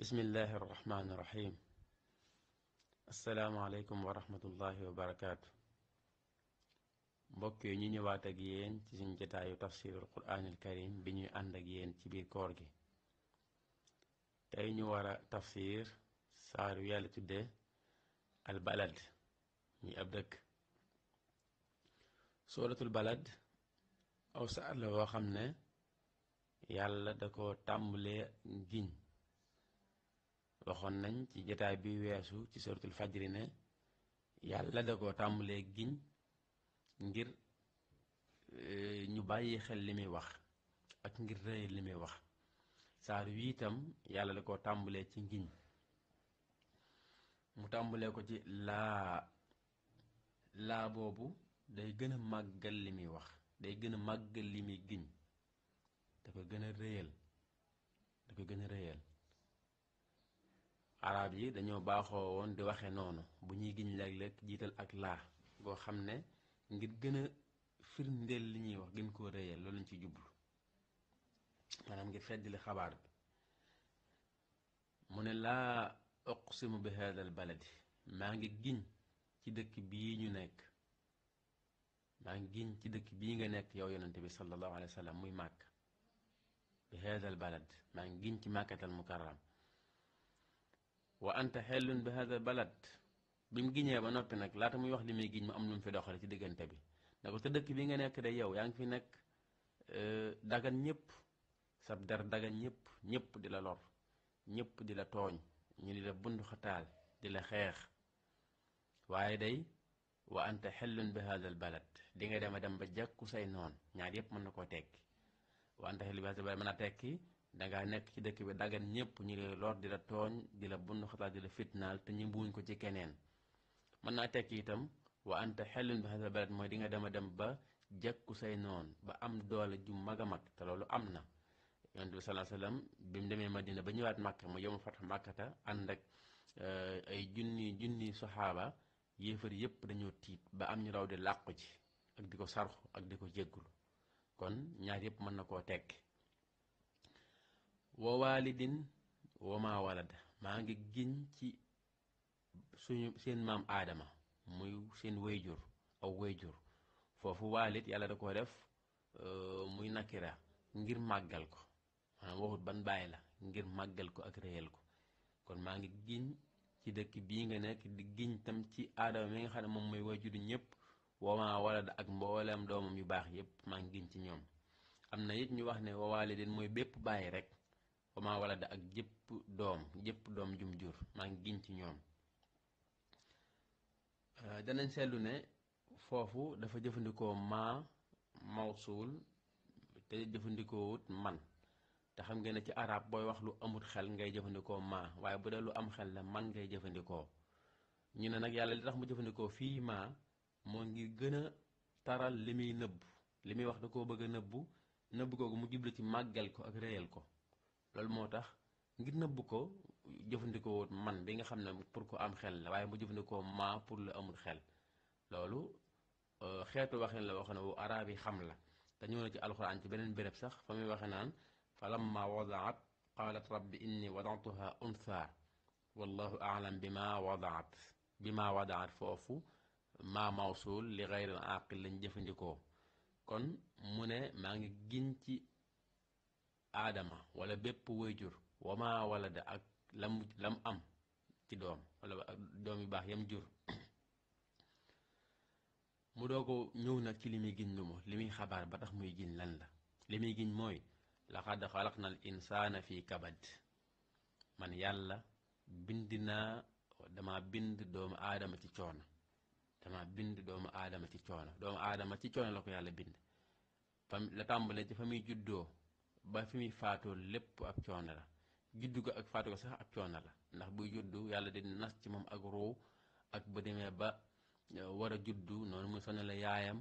bismillahi irrahmani irrahim asalaamualeykum wa rahmatullahi wa barakaatu ñu ñëwaat ak yéen ci suñ jataayu tafsirul quraanil karim bi ñuy ànd ak yéen ci biir koor gi tey ñu war a tafsir saaru yàlla tudde al balad ñi ab dëkk suratul balad aw saar la woo xam ne yàlla da ko tàmbalee giñ waxoon nañ ci jataay bi weesu ci suratul fajri ne yàlla da koo tàmbalee giñ ngir eh, ñu bàyyi xel li muy wax ak ngir rëyal li muy wax saar wi itam yàlla da koo tàmbalee ci ngiñ mu tàmbalee ko ci laa laa boobu day gën a màggal li muy wax day gën a màggal li muy giñ da ko gën a rëyal da ko gën a rëyal arab yi dañoo baaxoo woon di waxe noonu bu ñuy giñ léeg lekk jiital ak laa goo xam ne ngir gën a firndeel li ñuy wax gën koo réyal loolu lañ ci jublu maanaam ngir feddali xabaar bi mu ne laa uqsimu bi haadal baladi maa ngi giñ ci dëkk bii ñu nekk maa ngi giñ ci dëkk bii nga nekk yow yonente bi sallallahu alayhi wa muy màkk bi haadal balad maa ngi giñ ci màkkatal mukaram wa anta xellun bi hada balad bi mu giñee ba noppi nag laata muy wax li muy giñ mu am lu mu fi doxale ci diggante bi na ko te dëkk bi nga nekk de yow yaa ngi fi nekk euh, dagan ñëpp sab der ñëpp ñëpp di la lor ñëpp di la tooñ ñu di la bund di la xeex waaye day wa anta xellun bi haadal balad di nga dema dem ba jàkku say noon ñaar yëpp mën na koo tekki wa anta xellun bi haadal balad mën a tekki dangaa nekk ci dëkk bi daggan ñëpp ñu lay lor di la tooñ di la bunn xataa di la fitnaal te ñu mbuuñ ko ci keneen mën naa tekki itam wa anta xellun bi xasal balad mooy di nga dema dem ba jekku say noon ba am doole ju mag a mag te loolu am na yonent bi salaa sallam bi mu demee madina ba ñëwaat màkka ma yomu fatax màkkata ànd ak eh, ay junni junni saxaaba yéefar yépp dañoo tiit ba am ñu raw di làqu ci ak di ko sarxu ak di ko jéggulu kon ñaar yépp mën na koo tekki wa waalidin wa maa walad maa ngi giñ ci suñu seen maam aadama muy seen wayjur aw wayjur foofu waalit yàlla da koo def euh, muy nakira ngir màggal ko maanaam bàyyi la ngir màggal ko ak ko kon maa ngi giñ ci dëkk bii nga nekk di giñ tam ci aadama mi nga xam ne moom mooy wayjuru ñëpp wa maa walad ak mboolem doomam yu baax yépp maa ngi giñ ci ñoom am na it ñu wax ne wa waalidin mooy bépp bàyyi rek wa walla de ak jëpp doom jëpp doom jum jur maa ngi giñ ci ñoom euh, danañ seetlu ne foofu dafa jëfandikoo maa mawsuul te jëfandikoowut man te xam ngeen ne ci araab booy wax lu amut xel ngay jëfandikoo maa waaye bu dee lu am xel la man ngay jëfandikoo ñu ne nag yàlla li tax mu jëfandikoo fii maa moo ngir gën a taral li muy nëbb li muy wax da koo bëgg a nëbbu nëbb googu mu jublu ci màggal ko ak réyal ko loolu moo tax ngir nëbb ko jëfandikoo man bi nga xam ne pour ko am xel la waaye mu jëfandikoo maa pour lu amul xel loolu euh, xeetu waxin la wax ne wu araab yi xam la te ñëw na ci alxuraan ci beneen béréb sax fa muy waxe naan fa lamma wadaat qaalat rabbi inni wadaatuha untha wallahu alam bi ma wadaat bi maa wadaat foofu maa mawsul li xayril aaqil lañ jëfandikoo kon mu ne maa ngi giñ ci aadama wala bépp woy jur wayjur walla walada ak lam lam am ci doom wala doom yu baax yam jur mu doo ko ñëw nag ci li muy giñ lu mu li muy xabaar ba tax muy giñ lan la li muy giñ mooy laqad na al insaana fi kabad man yàlla bind naa dama bind doomu aadama ci coono bind doomu aadama ci coono doomu aadama ci coono la ko yàlla bind fam la tàmbalee fa muy juddoo ba fi muy faatoo lépp ab coono la juddu ko ak faatu ko sax ab coono la ndax buy juddu yàlla di nas ci moom ak ruu ak ba demee ba e, war a juddu noonu mu sonal yaayam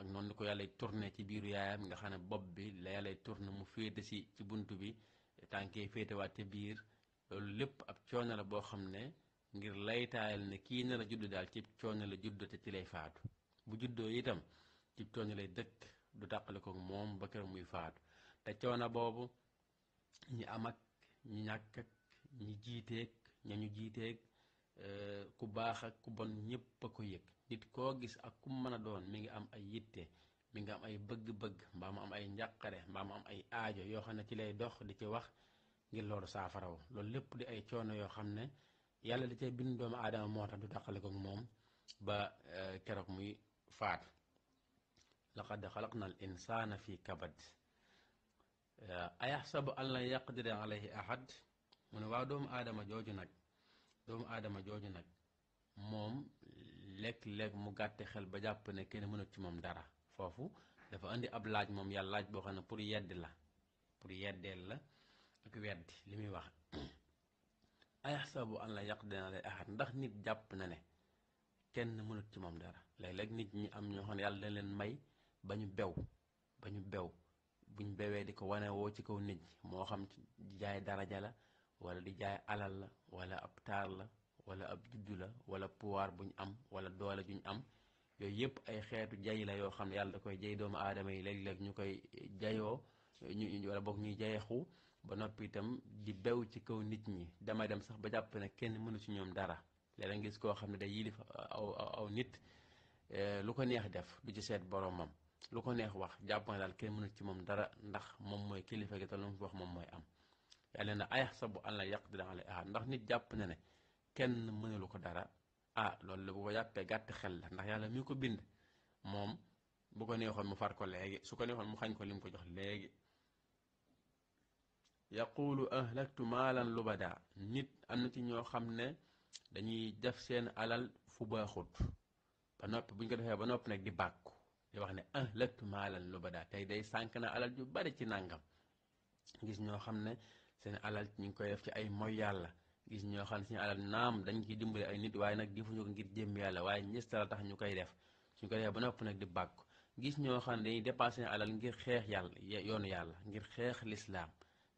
ak noonu ko yàlla tourné ci biiru yaayam nga xam ne bopp bi la yàlla tourné mu féete si ci bunt bi tànkee féetewaat ca biir loolu lépp ab coono la boo xam ne ngir laytaayal ne kii na la judd daal ci coono la judd te ci lay faatu bu juddoo itam ci coono lay dëkk du tàqale kook moom ba keroog muy faatu te coono boobu ñi am ak ñi ñàkk ak ñi jiiteeg ñañu jiiteeg euh, ku baax ak ku bon ñépp a ko yëg nit koo gis ak ku mën a doon mi ngi am ay yitte mi ngi am ay bëgg-bëgg mbaa mu am ay njaqare mbaa mu am ay aajo yoo xam ne ci lay dox di ci wax ngir loolu saafaraw loolu lépp di ay coono yoo xam ne yàlla da cay bind doomu aadama moo tax du taqale ko moom ba euh, keroog muy faat laqad xalaqna al insaana fi kabad Eh, ayaxsabu yàq lan yaqdira alayhi ahad mu ne waaw doomu aadama jooju nag doomu aadama jooju nag moom lekk léeg mu gàtte xel ba jàpp ne kenn mënut ci moom dara foofu dafa indi ab laaj moom yàlla laaj boo xam ne pour yedd la pour yeddeel la ak weddi li muy wax ayaxsabu an lan yaqdira alayhi ndax nit jàpp na ne kenn mënut ci moom dara léeg-léeg nit ñi am ñoo xam ne yàlla da leen may ba ñu bew ba ñu bew buñ bewee di ko wane woo ci kaw nit ñi moo xam di jaay daraja la wala di jaay alal la wala ab taar la wala ab juddu la wala pouvoir buñ am wala doole juñ am yooyu yëpp ay xeetu jay la yoo xam ne yàlla da koy jay doomu aadama yi léeg-léeg ñu koy jayoo ñu wala boog ñuy jayeexu ba noppi itam di bew ci kaw nit ñi dama dem sax ba jàpp ne kenn mënu ci ñoom dara léeg-léeg ngis koo xam ne day yilif aw aw nit eh, lu ko neex def du ci seet boromam lu ko neex wax jàpp nga daal kenn mënul ci moom dara ndax moom mooy kilifa gi te lu mu fi wax moom mooy am yàlla na ayaxsabu an laa yaqdira alayhi ahad ndax nit jàpp na ne kenn mënulu ko dara ah loolu bu ko jàppee gàtt xel la ndax yàlla mi ko bind moom bu ko neexoon mu far ko léegi su ko neexoon mu xañ ko li mu ko jox léegi yaqulu ahlaktu maalan lubada nit am na ci ñoo xam ne dañuy def seen alal fu baaxut ba noppi buñ ko defee ba noppi nag di di wax ne ahlaktu ba daal tey day sànq na alal ju bari ci nàngam gis ñoo xam ne seen alal ñu ngi koy def ci ay moy yàlla gis ñoo xam ne seen alal naam dañ koy dimbale ay nit waaye nag defuñu ko ngir jëm yàlla waaye njëstala tax ñu koy def suñ ko defee ba nopp nag di bàkk gis ñoo xam ne dañuy dépassé alal ngir xeex yàlla yoonu yàlla ngir xeex lislaam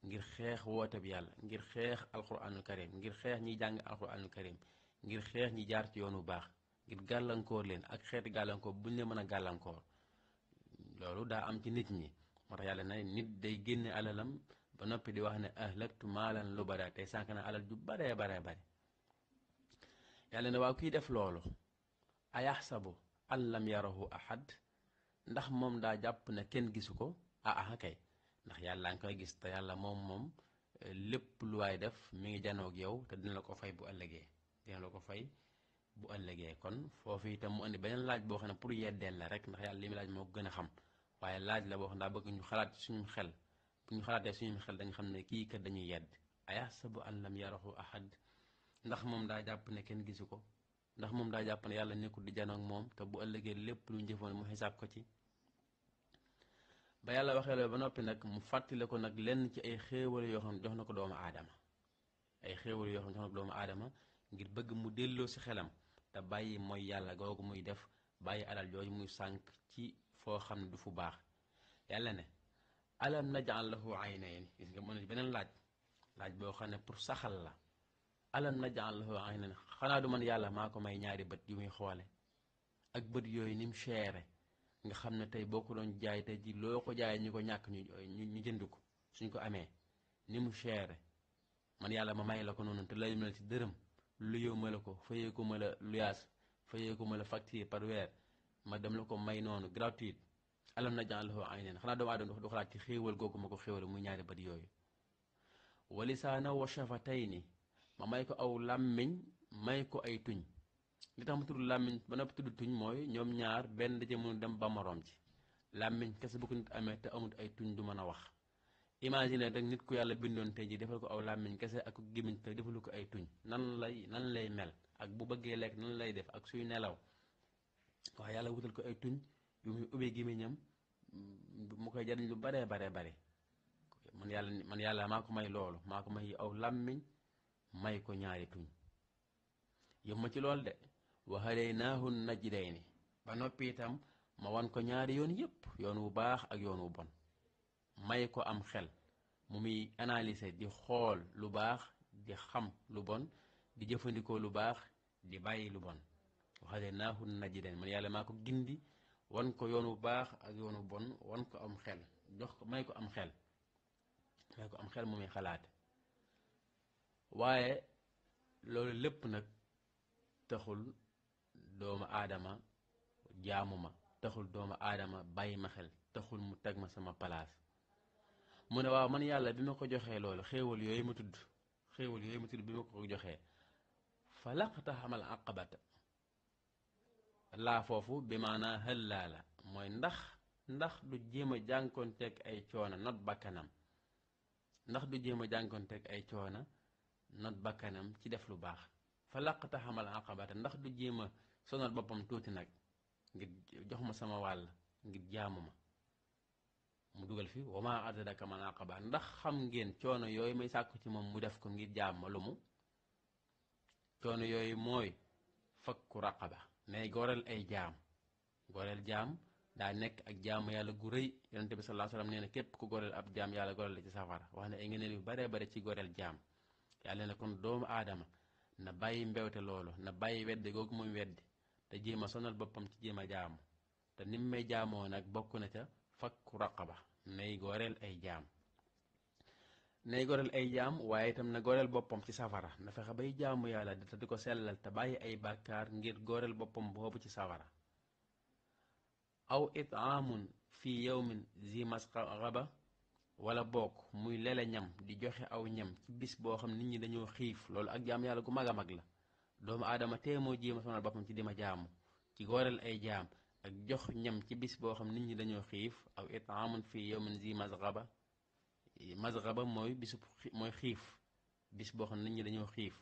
ngir xeex woote yàlla ngir xeex alquranul karim ngir xeex ñi jàng alquranul karim ngir xeex ñi jaar ci yoonu baax ngir gàllankoor leen ak xeeti gàllankoor bu ñu leen mën a gàllankoor loolu daa am ci nit ñi moo tax yàlla na nit day génne alalam ba noppi di wax ne ahlaktu maalan lu bare tey sànq na alal ju baree baree bare yàlla na waa kiy def loolu ayaxsabu an lam yarahu ahad ndax moom daa jàpp ne kenn gisu ko ah, ah kay ndax yàlla nga koy gis te yàlla moom moom eh, lépp lu waay def mi ngi janoog yow te dina la ko fay bu ëllëgee dina la ko fay bu ëllëgee kon foofu itam mu indi beneen laaj boo xam ne pour yeddeel la rek ndax yàlla li laaj moo gën a xam waaye laaj la boo xam ñu xalaat suñu xel bu ñu xalaatee suñu xel dañu xam ne kii kat dañuy yedd ayaxsabu an lam yarahu ahad ndax moom daa jàpp ne kenn gisu ko ndax moom daa jàpp ne yàlla nekkul di janoog moom te bu ëllëgee lépp lu njëfoon mu xisaab ko ci ba yàlla waxee loolu ba noppi nag mu fàttale ko nag lenn ci ay xéewal yoo xam ne jox na ko doomu aadama ay xéewal yoo xam jox na ko doomu aadama ngir bëgg mu delloo si xelam te bàyyi mooy yàlla googu muy def bàyyi alal yooyu muy sànq ci foo xam ne du fu baax yàlla ne alam najal lahu aynayni gis nga mën beneen laaj laaj boo xam ne pour saxal la alam najal lahu aynayni xanaa du man yàlla maa ko may ñaari bët yu muy xoole ak bët yooyu ni mu seere nga xam ne tey boo ko doon jaay te ji loo ko jaay ñu ko ñàkk ñu ñu jënd ko suñ ko amee ni mu seere man yàlla ma may la ko noonu te layu na ci dërëm luyewu ma la ko fayeeku ma la luyaas fayeeku ma la facture parweer ma dem la ko may noonu gratuite alam na jànlahu ayneen xanaa doomu aadama du xalaat ci xéewal googu ma ko xéewale muy ñaari bët yooyu walisaana tey shafatayni ma may ko aw làmmiñ may ko ay tuñ li tax tudd làmmiñ ba noppi tudd tuñ mooy ñoom ñaar benn daje mënu dem ba moroom ji làmmiñ kes bu ko nit amee te amut ay tuñ du mën a wax imaginer rek nit ku yàlla bindoon tey ji defal ko aw làmmiñ kese ak gémmiñ te defalu ko ay tuñ nan lay nan lay mel ak bu bëggee lekk nan lay def ak suy nelaw waaye yàlla wutal ko ay tuñ yu muy ubbee gémmiñam mm, mu koy jariñ lu baree baree bare man yàlla man yàlla maa ko may loolu maa ko may aw làmmiñ may ko ñaari tuñ yëpp ma ci lool de wa hadaynaahu najdayni ba noppi itam ma wan ko ñaari yoon yëpp yoon wu baax ak yoon wu bon may ko am xel mu muy analyser di xool lu baax di xam lu bon di jëfandikoo lu baax di bàyyi lu bon waxade naahu najdayn man yàlla maa ko gindi wan ko yoonu baax ak yoonu bon wan ko am xel jox ko may ko am xel may ko am xel mu muy xalaat waaye loolu lépp nag taxul doomu aadama jaamu ma taxul doomu aadama bàyyi ma xel taxul mu teg ma sama palaas mu ne waaw man yàlla bi ma ko joxee loolu xéewal yooyu ma tudd xéewal yooyu ma tudd bi ma ko joxee fa laqta xamal aqabata laa foofu bi maanaa hëllaa la mooy ndax ndax du jéem a jànkoonteeg ay coona not bàkkanam ndax du jéem a jànkoonteeg ay coona not bakkanam ci def lu baax fa laqta xamal aqabata ndax du jéem a sonal boppam tuuti nag ngir jox ma sama wàll ngir jaamu ma mu dugal fi wa maa adraka mal aqaba ndax xam ngeen coono yooyu may sàkku ci moom mu def ko ngir jaam ma lu mu coono yooyu mooy fakku raqaba mais goreel ay jaam goreel jaam daa nekk ak jaamu yàlla gu rëy yonent bi sallallahu alayhi wasallam nee na képp ku goreel ab jaam yàlla goreel ci safara wax ne ay ngëneel yu baree bare ci goreel jaam yàlla ne kon doomu aadama na bàyyi mbewte loolu na bàyyi wedde googu muy wedde te jéem a sonal boppam ci jéem a jaamu te nim may jaamoo nag bokk na ca fakku raqaba nay goreel ay jaam nay goreel ay jaam waaye itam na goreel boppam ci safara na fexe bay jaamu yàlla di te di ko sellal te bàyyi ay bàkkaar ngir goreel boppam boobu ci safara aw itaamun fi yawmin zi masqaba wala bokk muy lele ñam di joxe aw ñam ci bis boo xam nit ñi dañoo xiif loolu ak jaam yàlla gu mag a mag la doomu aadama teemoo jéema sonal boppam ci dima jaamu ci goreel ay jaam ak jox ñam ci bis boo xam nit ñi dañoo xiif aw itaamun fii yawmin zi masgaba masgaba mooy bisu mooy xiif bis boo xam nit ñi dañoo xiif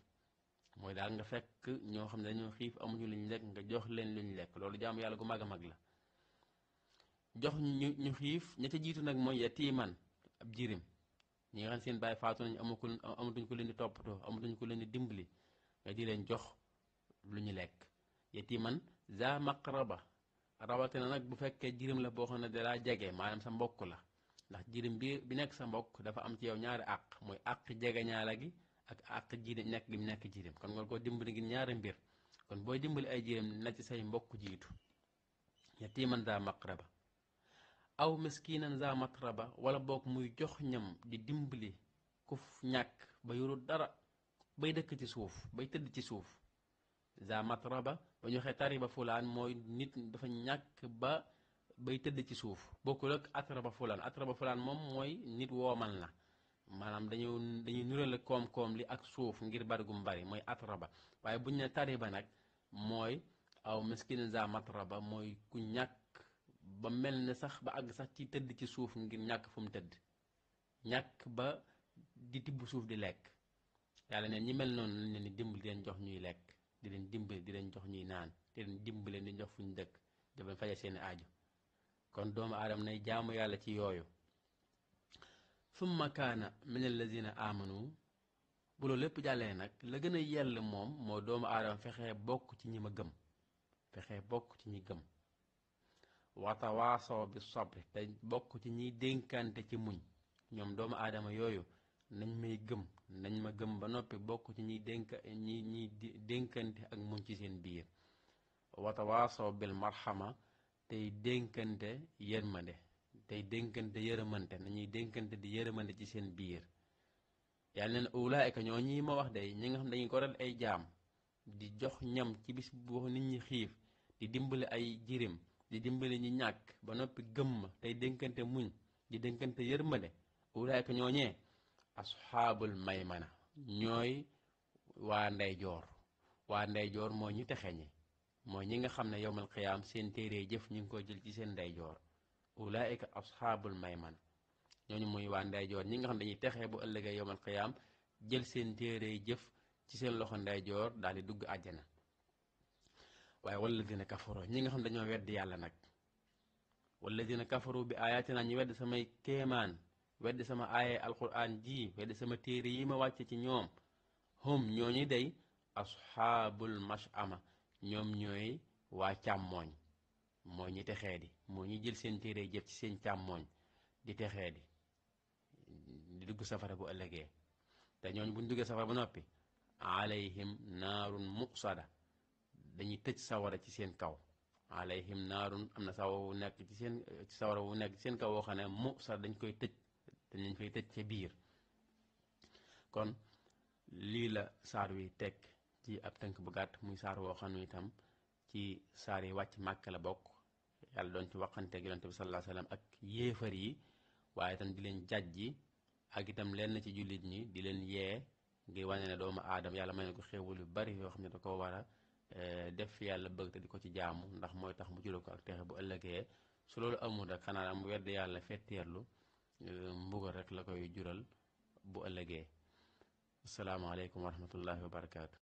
mooy daal nga fekk ñoo xam ne dañoo xiif amuñu luñ lekk nga jox leen luñ lekk loolu jaamu yàlla gu mag a mag la jox ñu ñu xiif ña ca jiitu nag mooy yatiiman ab jirim ñi nga xam seen bàyyi faatu nañ amatuñ ko leen di toppatoo amatuñ ko leen di dimbali nga di leen jox lu lekk yatiiman za rawatina nag bu fekkee jirim la boo xam ne dalaa jege maanaam sa mbokk la ndax jirim bi bi nekk sa mbokk dafa am ci yow ñaari àq muy àq jege ñaala gi ak àq ji nekk gi mu nekk jirim kon nga ko dimbali ngir ñaari mbir kon booy dimbali ay jirim na ci say mbokk jiitu yatiiman za ba aw miskinan za ba wala boog muy jox ñam di dimbali kuf ñàkk ba yorul dara bay dëkk ci suuf bay tëdd ci suuf za ba ba ñu waxee ba fulaan mooy nit dafa ñàkk ba bay tëdd ci suuf bokkul ak atraba fulaan ba fulaan moom mooy nit woomal na maanaam dañoo dañuy nural koom-koom li ak suuf ngir bari gum bari mooy ba waaye bu ñu ne ba nag mooy aw miskin za ba mooy ku ñàkk ba mel ne sax ba àgg sax ci tëdd ci suuf ngir ñàkk fu mu tëdd ñàkk ba di tibb suuf di lekk yàlla neen ñi mel noonu lañ leen di dimbali leen jox ñuy lekk di leen dimbali di leen jox ñuy naan di leen dimbali di jox fu ñu dëkk di leen fajal seeni aaju kon doomu aadama nay jaamu yàlla ci yooyu summa kaana min allazina amanu bu loolu lépp jàllee nag la gën a yell moom moo doomu aadama fexe bokk ci ñi ma gëm fexee bokk ci ñi gëm watawaasaw bi sabri te bokk ci ñiy dénkante ci muñ ñoom doomu aadama yooyu nañ may gëm nañ ma gëm ba noppi bokk ci ñiy dénk ñi ñiy dénkante ak muñ ci seen biir watawaasaw bil marxama tey dénkante yërmande tey dénkante yërëmante nañuy dénkante di yërëmante ci seen biir yàlla neen ulaayka ñoo ñi ma wax day ñi nga xam dañuy ko dal ay jaam di jox ñam ci bis bu nit ñi xiif di dimbali ay jirim di dimbali ñi ñàkk ba noppi gëm ma tey dénkante muñ di dénkante yërmande ulaayka ñoo ñee asxaabul maymana ñooy waa ndeyjoor waa ndeyjoor moo ñu texe ñi mooy ñi nga xam ne yowmal qiyaam seen téere jëf ñu ngi ko jël ci seen ndeyjoor ulaayika asxaabul maymana ñooñu mooy waa ndeyjoor ñi nga xam ne dañuy texe bu ëllëgee yowmal qiyaam jël seen téere jëf ci seen loxo ndeyjoor daal di dugg àjjana waaye walladina kafaro ñi nga xam dañoo wedd yàlla nag walladina kafaro bi ayatina ñu wedd samay kéemaan weddi sama aaye alquran ji weddi sama téere yi ma wàcce ci ñoom hum ñooñu day asxaabul mashama ñoom ñooy waa càmmooñ moo ñu texee di moo ñu jël seen téere jëf ci seen càmmooñ di texee di di dugg safara bu ëllëgee te ñooñ buñ duggee safara ba noppi alayhim naarun musada dañuy tëj sawara ci seen kaw alayhim naarun am na sawara wu nekk ci seen sawara wu nekk ci seen kaw woo xam ne musada dañ koy tëj te lañ fay tëj ca biir kon lii la saar wi teg ci ab tënk bu gàtt muy saar woo xam ne itam ci saar yi wàcc màkk la bokk yàlla doon ci waxante ak yonent bi ak yéefar yi waaye tam di leen jàjji ak itam lenn ci jullit ñi di leen yee ngir wane ne doomu aadama yàlla may na ko xéewal yu bari yoo xam ne da ko war a eh, def fi yàlla bëgg te di ko ci jaamu ndax mooy tax mu jural ko ak texe bu ëllëgee su loolu amul rek xanaa mu wedd yàlla fetteerlu Euh, mbugal rek la koy jural bu ëllëgee salaam wa rahmatullahi wa barakaatu.